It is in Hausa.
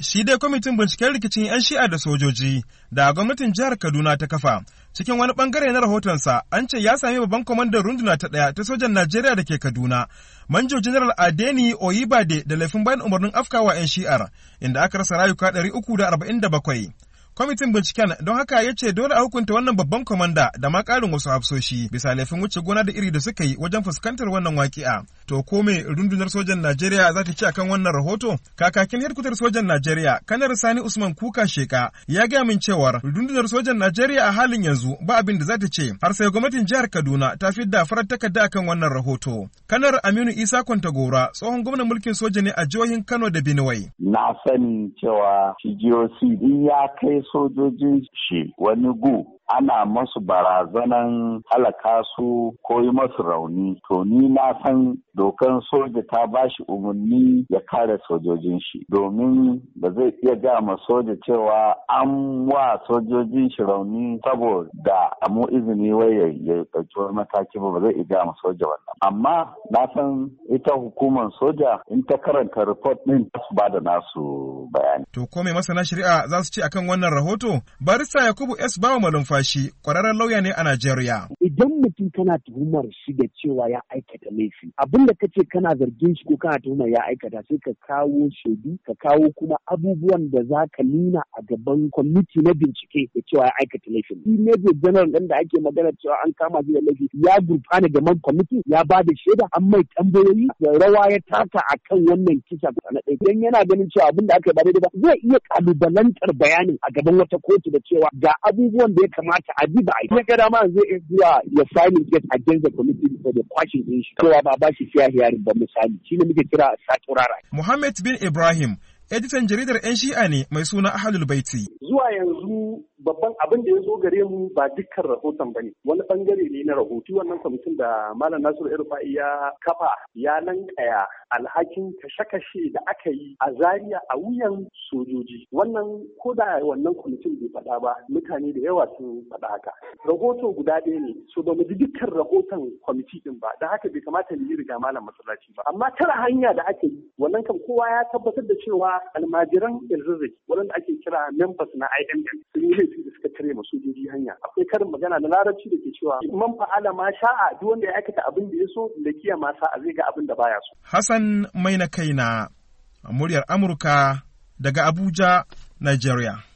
shi dai kwamitin binciken rikicin 'yan shi'a da sojoji da gwamnatin jihar kaduna ta kafa cikin wani bangare na rahotonsa an ce ya sami babban kwamandan runduna ta ɗaya ta sojan najeriya da ke kaduna manjo general adeni oyibade da laifin bayan umarnin afkawa 'yan shi'ar inda aka rasa rayuka ɗari uku da da arba'in bakwai. kwamitin binciken don haka ya ce dole a hukunta wannan babban kwamanda da ma ƙarin wasu hafsoshi bisa laifin wuce gona da iri da suka yi wajen fuskantar wannan waƙi'a To ko me rundunar sojan Najeriya za ta ci akan wannan rahoto? Kakakin hedkwatar sojan Najeriya, Kanar Sani Usman Kuka Sheka, ya gaya min cewar rundunar sojan Najeriya a halin yanzu ba abin da za ta ce har sai gwamnatin jihar Kaduna ta fi farar takarda akan wannan rahoto. Kanar Aminu Isa Kwantagora, tsohon gwamnan mulkin soja ne a jihohin Kano da Benue. Na sani cewa GOC ya kai sojojin shi wani gu ana masu barazanan halaka su ko yi masu rauni to ni na san dokan soja ta bashi umarni ya kare sojojin shi domin ba zai iya ga ma soja cewa an wa sojojin shi rauni saboda a mu izini wai ya ɗauki mataki ba zai iya ga soja wannan amma na san ita hukumar soja in ta karanta report din ta ba da nasu bayani to ko mai masana shari'a za su ce akan wannan rahoto barista yakubu s bawa malumfa shi kwararren lauya ne a Najeriya. Idan mutum kana tuhumar shi da cewa ya aikata laifi, abin da kace kana zargin shi ko kana tuhumar ya aikata sai ka kawo shaidu, ka kawo kuma abubuwan da za ka nuna a gaban kwamiti na bincike da cewa ya aikata laifi. Shi ne zai janar da ake magana cewa an kama shi da laifi ya gurfana gaban kwamiti ya ba da shaida an mai tambayoyi da rawa ya taka kan wannan kisa na ɗaya. Idan yana ganin cewa abin da aka yi ba daidai ba zai iya ƙalubalantar bayanin a gaban wata kotu da cewa ga abubuwan da ya kamata kamata a bi ba a yi. Ya gada ma zai iya zuwa ya sami get against the committee before the question din shi. Kowa ba ba shi fiya hiyarin ba misali. Shi ne muke kira saturara. Muhammad bin Ibrahim editan jaridar 'yan shi'a ne mai suna ahalul baiti. Zuwa yanzu babban abin da ya zo gare mu ba dukkan rahoton ba ne wani bangare ne na rahoto wannan kwamitin da malam nasiru irfa'i ya kafa ya lankaya alhakin kashe-kashe da aka yi a Zariya a wuyan sojoji wannan ko da wannan kwamitin bai faɗa ba mutane da yawa sun faɗa haka rahoto guda ɗaya ne so ba mu ji dukkan rahoton kwamiti din ba da haka bai kamata mu yi riga malam masallaci ba amma tara hanya da ake yi wannan kam kowa ya tabbatar da cewa almajiran yanzu waɗanda ake kira members na IMM sun yi laifi da suka tare ma sojoji hanya akwai karin magana na larabci da ke cewa man fa'ala ma sha'a duk wanda ya aikata abin da ya so da kiya ma sa'a zai ga abin da baya so Hassan mai na Maina Kaina muryar Amurka daga Abuja Nigeria